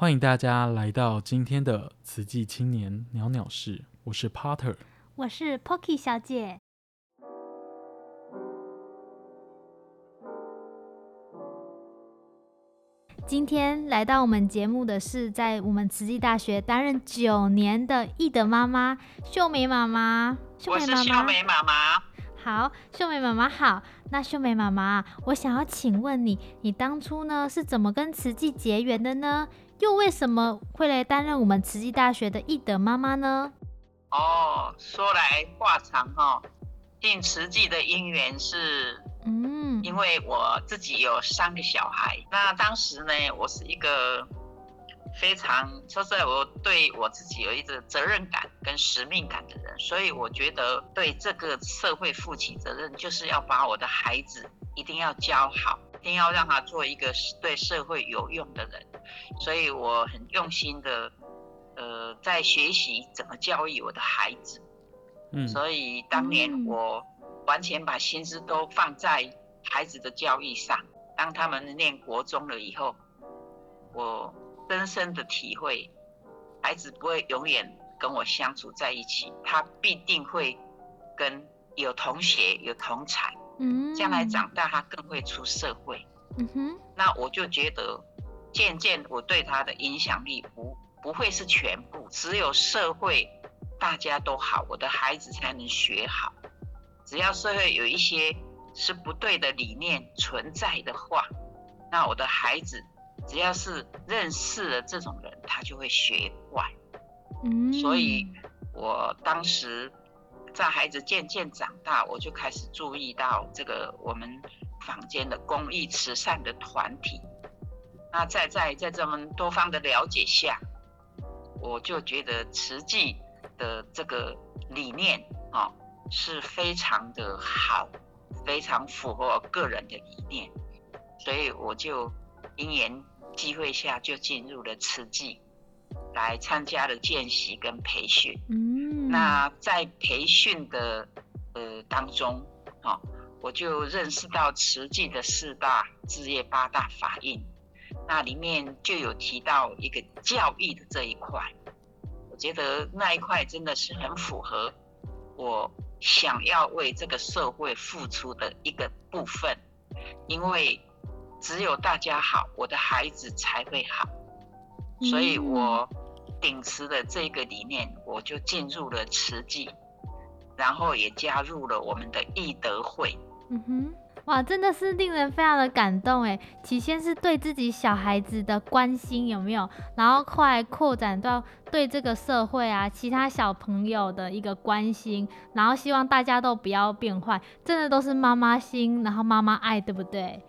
歡迎大家來到今天的《慈濟青年鳥鳥室》，我是 Potter，我是 Pocky 小姐。今天來到我們節目的是在我們慈濟大學擔任九年的懿德媽媽秀梅媽媽。美媽媽我是秀梅媽媽。好，秀梅媽媽好。那秀梅媽媽，我想要請問你，你當初呢是怎麼跟慈濟結緣的呢？又為什麼會來擔任我們慈濟大學的懿德媽媽呢？哦，說來話長哦。進慈濟的因緣是，嗯，因為我自己有三個小孩，嗯、那當時呢，我是一個非常說實在，就是、我對我自己有一種責任感跟使命感的人，所以我覺得對這個社會負起責任，就是要把我的孩子一定要教好，一定要讓他做一個對社會有用的人。所以我很用心的，呃，在學習怎麼教育我的孩子。嗯，所以當年我完全把心思都放在孩子的教育上。當他們念國中了以後，我深深的體會，孩子不會永遠跟我相處在一起，他必定會跟有同學、有同儕。嗯，將來長大他更會出社會。嗯哼，那我就覺得。漸漸，我對他的影響力不不會是全部，只有社會大家都好，我的孩子才能學好。只要社會有一些是不對的理念存在的話，那我的孩子只要是認識了這種人，他就會學壞。嗯，所以我當時在孩子漸漸長大，我就開始注意到這個我們坊間的公益慈善的團體。那在在在這麼多方的了解下，我就覺得慈濟的這個理念，哦，是非常的好，非常符合我個人的理念，所以我就因緣機會下就進入了慈濟，來參加了見習跟培訓。嗯，那在培訓的呃當中，哦，我就認識到慈濟的四大志業、八大法印。那裡面就有提到一個教育的這一塊，我覺得那一塊真的是很符合我想要為這個社會付出的一個部分，因為只有大家好，我的孩子才會好，所以我秉持的這個理念，我就進入了慈濟，然後也加入了我們的懿德會。嗯哼。哇，真的是令人非常的感動哎！起先是對自己小孩子的關心有沒有，然後快擴展到對這個社會啊、其他小朋友的一個關心，然後希望大家都不要變壞，真的都是媽媽心，然後媽媽愛，對不對？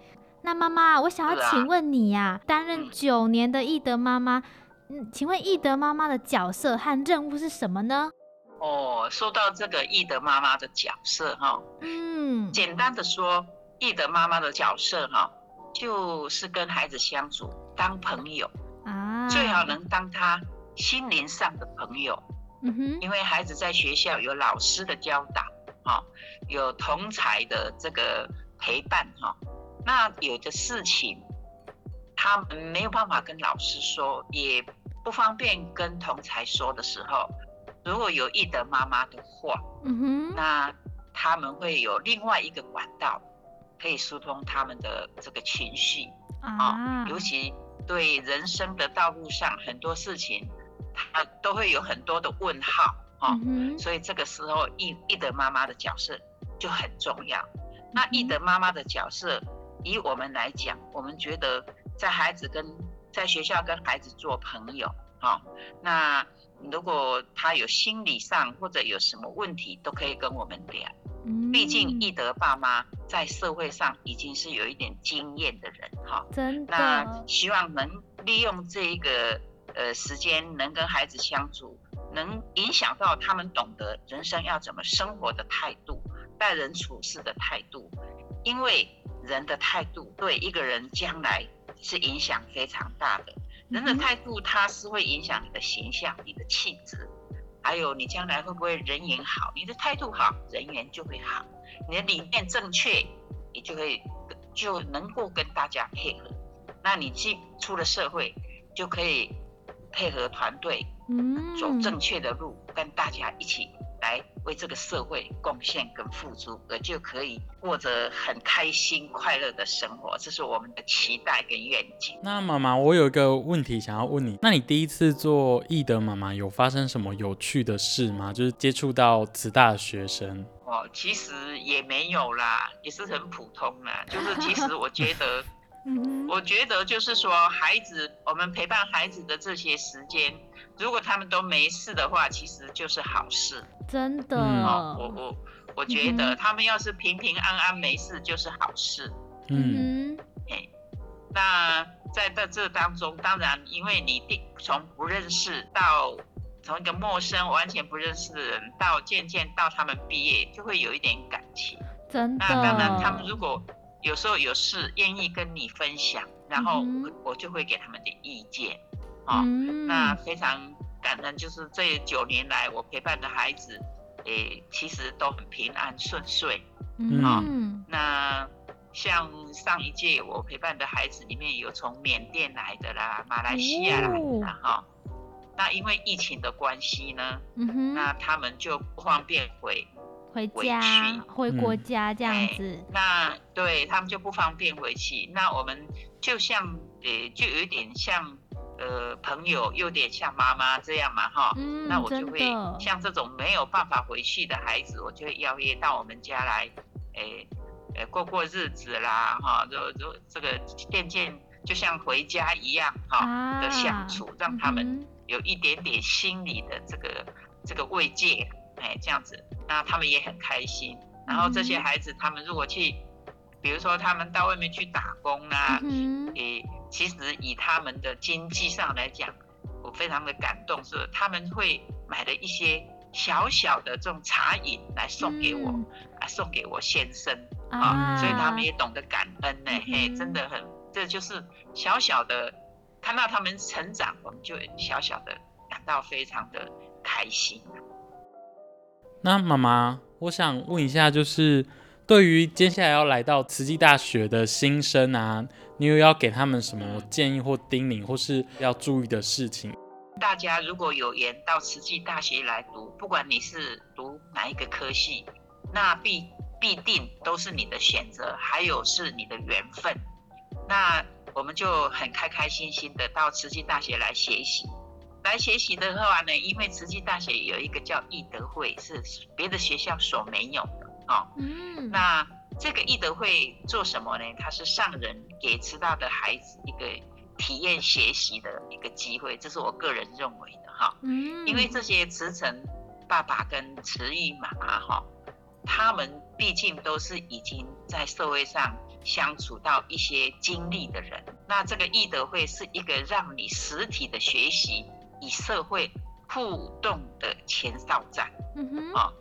那媽媽，我想要請問你呀、啊，擔、啊、任九年的懿德媽媽，嗯，嗯，請問懿德媽媽的角色和任務是什麼呢？哦，說到這個懿德媽媽的角色哈、哦，嗯，簡單的說。懿德媽媽的角色哈、哦，就是跟孩子相處當朋友、啊、最好能當他心靈上的朋友。嗯哼，因為孩子在學校有老師的教導，哦、有同儕的這個陪伴、哦、那有的事情他們沒有辦法跟老師說，也不方便跟同儕說的時候，如果有懿德媽媽的話，嗯哼，那他們會有另外一個管道。可以疏通他們的這個情緒啊，uh huh. 尤其對人生的道路上很多事情，他都會有很多的問號啊、uh huh. 哦，所以這個時候懿懿德媽媽的角色就很重要。Uh huh. 那懿德媽媽的角色，以我們來講，我們覺得在孩子跟在學校跟孩子做朋友啊、哦，那如果他有心理上或者有什麼問題，都可以跟我們聊。畢、嗯、竟懿德爸媽在社會上已經是有一點經驗的人哈，真的。那希望能利用這一個呃時間，能跟孩子相處，能影響到他們懂得人生要怎麼生活的態度，待人處事的態度，因為人的態度對一個人將來是影響非常大的，嗯、人的態度它是會影響你的形象，你的氣質。還有，你將來會不會人緣好？你的態度好，人緣就會好。你的理念正確，你就可以就能夠跟大家配合。那你既出了社會，就可以配合團隊，嗯，走正確的路，跟大家一起，來為這個社會貢獻跟付出，我就可以過着很開心快樂的生活，這是我們的期待跟願景。那媽媽，我有一個問題想要問你，那你第一次做懿德媽媽有發生什麼有趣的事嗎？就是接觸到慈大學生。哦，其實也沒有啦，也是很普通啦。就是其實我覺得。 我覺得就是說，孩子，我們陪伴孩子的這些時間，如果他們都沒事的話，其實就是好事。真的，嗯哦、我我我覺得他們要是平平安安沒事就是好事。嗯、欸，那在這當中，當然，因為你從不認識到從一個陌生完全不認識的人，到漸漸到他們畢業，就會有一點感情。真的，那當然他們如果。有時候有事願意跟你分享，然後我就會給他們的意見，哈，那非常感恩，就是這九年來我陪伴的孩子，誒、欸，其實都很平安順遂，嗯、mm hmm. 哦，那像上一屆我陪伴的孩子裡面有從緬甸來的啦，馬來西亞來的哈、oh. 哦，那因為疫情的關係呢，mm hmm. 那他們就不方便回。回家，回,去回國家這樣子，嗯欸、那對他們就不方便回去。那我們就像，呃、欸，就有點像，呃，朋友有點像媽媽這樣嘛，哈。嗯，那我就會的像這種沒有辦法回去的孩子，我就會邀約到我們家來，誒、欸，誒、欸，過過日子啦，哈，就就這個漸漸就像回家一樣，哈，啊、的相處，讓他們、嗯、哼有一點點心理的這個這個慰藉。哎，這樣子，那他們也很開心。然後這些孩子，他們如果去，嗯、哼比如說他們到外面去打工啊，嗯哼、欸，其實以他們的經濟上來講，我非常的感動，是他們會買了一些小小的這種茶飲來送給我，嗯、來送給我先生啊，啊所以他們也懂得感恩呢、欸。嗯、哼嘿，真的很，這就是小小的，看到他們成長，我們就小小的感到非常的開心。那媽媽，我想問一下，就是對於接下來要來到慈濟大學的新生啊，你有要給他們什麼建議或叮嚀，或是要注意的事情？大家如果有緣到慈濟大學來讀，不管你是讀哪一個科系，那必必定都是你的選擇，還有是你的緣分。那我們就很開開心心的到慈濟大學來學習。來學習的話呢，因為慈濟大學有一個叫懿德會，是別的學校所沒有的哦。嗯，那這個懿德會做什麼呢？它是上人給慈大的孩子一個體驗學習的一個機會，這是我個人認為的哈。哦、嗯，因為這些慈誠爸爸跟慈懿媽媽哈、哦，他們畢竟都是已經在社會上相處到一些經歷的人，那這個懿德會是一個讓你實體的學習。以社會互動的前哨站，嗯哼，啊、哦，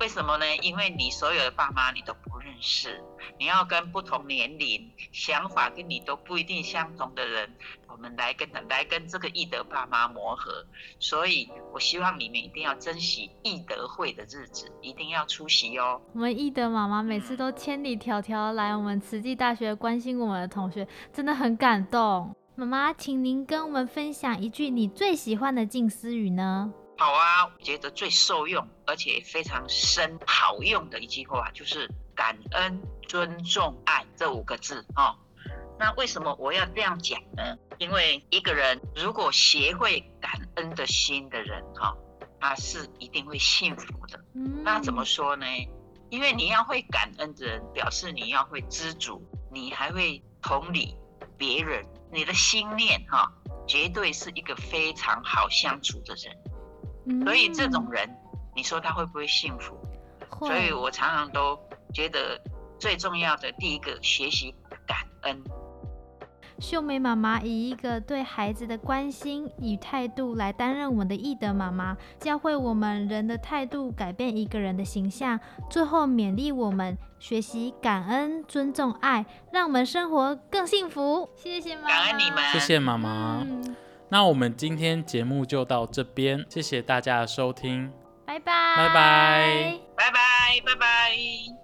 為什麼呢？因為你所有的爸媽你都不認識，你要跟不同年齡、想法跟你都不一定相同的人，我們來跟他來跟這個懿德爸媽磨合，所以我希望你們一定要珍惜懿德會的日子，一定要出席哦。我們懿德媽媽每次都千里迢迢來我們慈濟大學關心我們的同學，真的很感動。媽媽，請您跟我們分享一句你最喜歡的靜思語呢？好啊，我覺得最受用而且非常深好用的一句話就是“感恩、尊重、愛”這五個字。哦，那為什麼我要這樣講呢？因為一個人如果學會感恩的心的人，哈，哦，他是一定會幸福的。嗯。那怎麼說呢？因為你要會感恩的人，表示你要會知足，你還會同理別人。你的心念哈、哦，絕對是一個非常好相處的人，嗯、所以這種人，你說他會不會幸福？哼。所以我常常都覺得最重要的第一個，學習感恩。秀美媽媽以一個對孩子的關心與態度來擔任我們的懿德媽媽，教會我們人的態度改變一個人的形象，最後勉勵我們學習感恩、尊重、愛，讓我們生活更幸福。謝謝媽媽，感恩你們，嗯、謝謝媽媽。那我們今天節目就到這邊，謝謝大家的收聽，拜拜，拜拜，拜拜，拜拜。